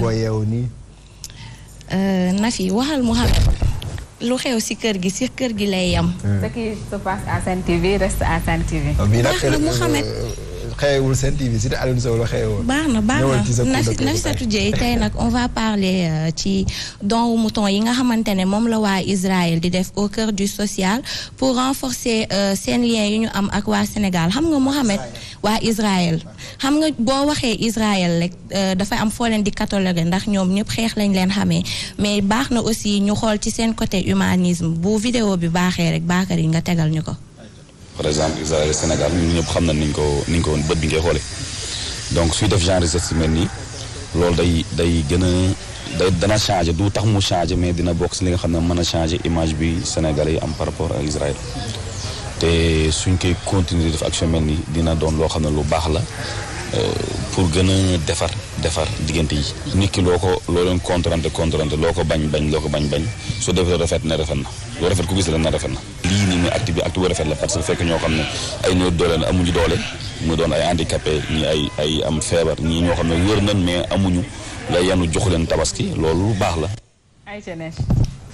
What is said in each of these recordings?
wo a yeewu na Nafi waxal Mouhamed lu xew si kër gi si kër gi lay yam. Euh. ce qui se passe à Sen TV reste à Sen TV. bii ah, nag Mouhamed. xeewul seen TV si te Alioune Sow la baax na baax na Nafissatou Dieye tey nag on va parler euh, ci don mouton yi nga xamante ne moom la waa Israël di def au kër du social pour renforcer euh, seen lien yu ñu am ak waa Sénégal xam nga Mohamed waa Israël xam nga boo waxee Israël rek euh, dafay am foo leen di catalogué ndax ñoom ñëpp xeex lañ leen xamee mais baax na aussi ñu xool ci seen côté humanisme bu video bi baaxee rek yi nga tegal ñu ko. par exemple Israël Sénégal ñun ñëpp xam nañ ni ñu ko ni ñu ko bët bi ngay xoolee donc suy def genre recherche mel nii loolu day day gën a day dana changé du tax mu changé mais dina bokk si li nga xam ne mën a changé image bi Sénégalais yi par rapport ak Israël te suñ koy continuer def action mel nii dina doon loo xam ne lu baax la euh, pour gën a defar defar diggante yi. nit ki loo ko loo leen contrante contrante loo ko bañ bañ loo ko bañ bañ su defee rafet na rafet na loo rafet ku gis la na refet na. lii nii muy acte bi acte la parce que fekk ñoo xam ne ay néew doole la amuñu doole mu doon ay handicapé ñi ay ay am feebar ñii ñoo xam ne wér nañ mais amuñu la yanu jox leen tabaski loolu baax la.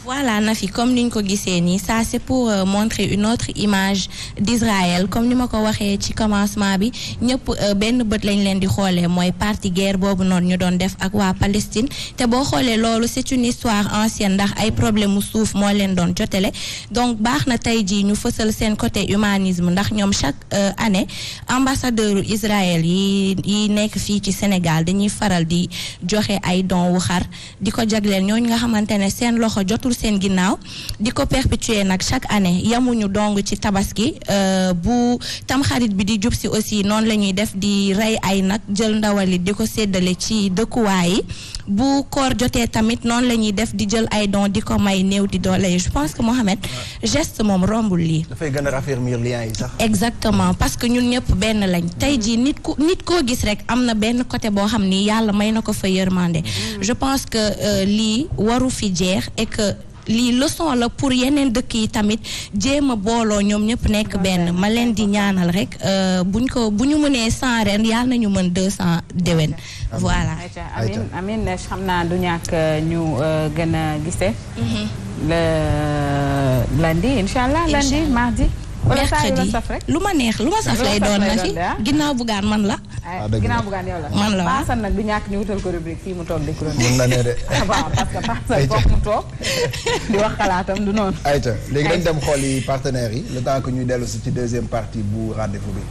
voilà Nafi comme ni niñ ko gisee nii ça c'est pour euh, montrer une autre image d'Israël comme ni ma ko waxee ci commencement bi ñëpp euh, benn bët lañ leen di xoolee mooy parti guerre boobu noonu ñu doon def ak waa Palestine te boo xoolee loolu c'est une histoire ancienne ndax ay problème mu suuf moo leen doon joteele donc baax na tey jii ñu fësal seen côté humanisme ndax ñoom chaque euh, année ambassadeur Israël yi yi nekk fii ci Sénégal dañuy faral di joxe ay don wu xar di ko jagleel ñooñu nga xamante ne seen loxo jotul toujours seen ginnaaw di ko perpétuer nag chaque année yamuñu dong ci tabaski euh, bu tamxarit bi di jub si aussi noonu la ñuy def di rey ay nag jël ndawali di ko séddale ci dëkkuwaay bu koor jotee tamit noonu la ñuy def di jël ay don di ko may néew di doole je pense que Mohamed geste moom rombul lii. dafay gën a raffermir lien yi exactement parce que ñun ñëpp benn lañ. tey jii nit ku nit koo gis rek am na benn côté boo xam ni yàlla may na ko fa mm-hmm. je pense que euh, lii waru fi jeex lii leçon la pour yeneen dëkk yi tamit jéem a booloo ñoom ñëpp nekk benn ma leen di ñaanal rek euh, buñ ko bu ñu mënee cent ren nañu mën deux cent déwén voilà amin amin xam naa du ñàkk euh, ñu euh, gën a gise mhm. le lundi lu ma neex lu ma saf lay doon na fi ah. ginnaaw bugaan man la Ah, ah, ginnaaw bugaan yow la man la paasan nag du ñàkk ñu wutal ko rubrique fii mu toog di chronique mën na ne de waaw paasan foog mu toog di wax xalaatam du noonu ayca léegi dañ dem xool yi partenaires yi lu temps que ñuy dellusi ci deuxième partie bu rendez-vous bi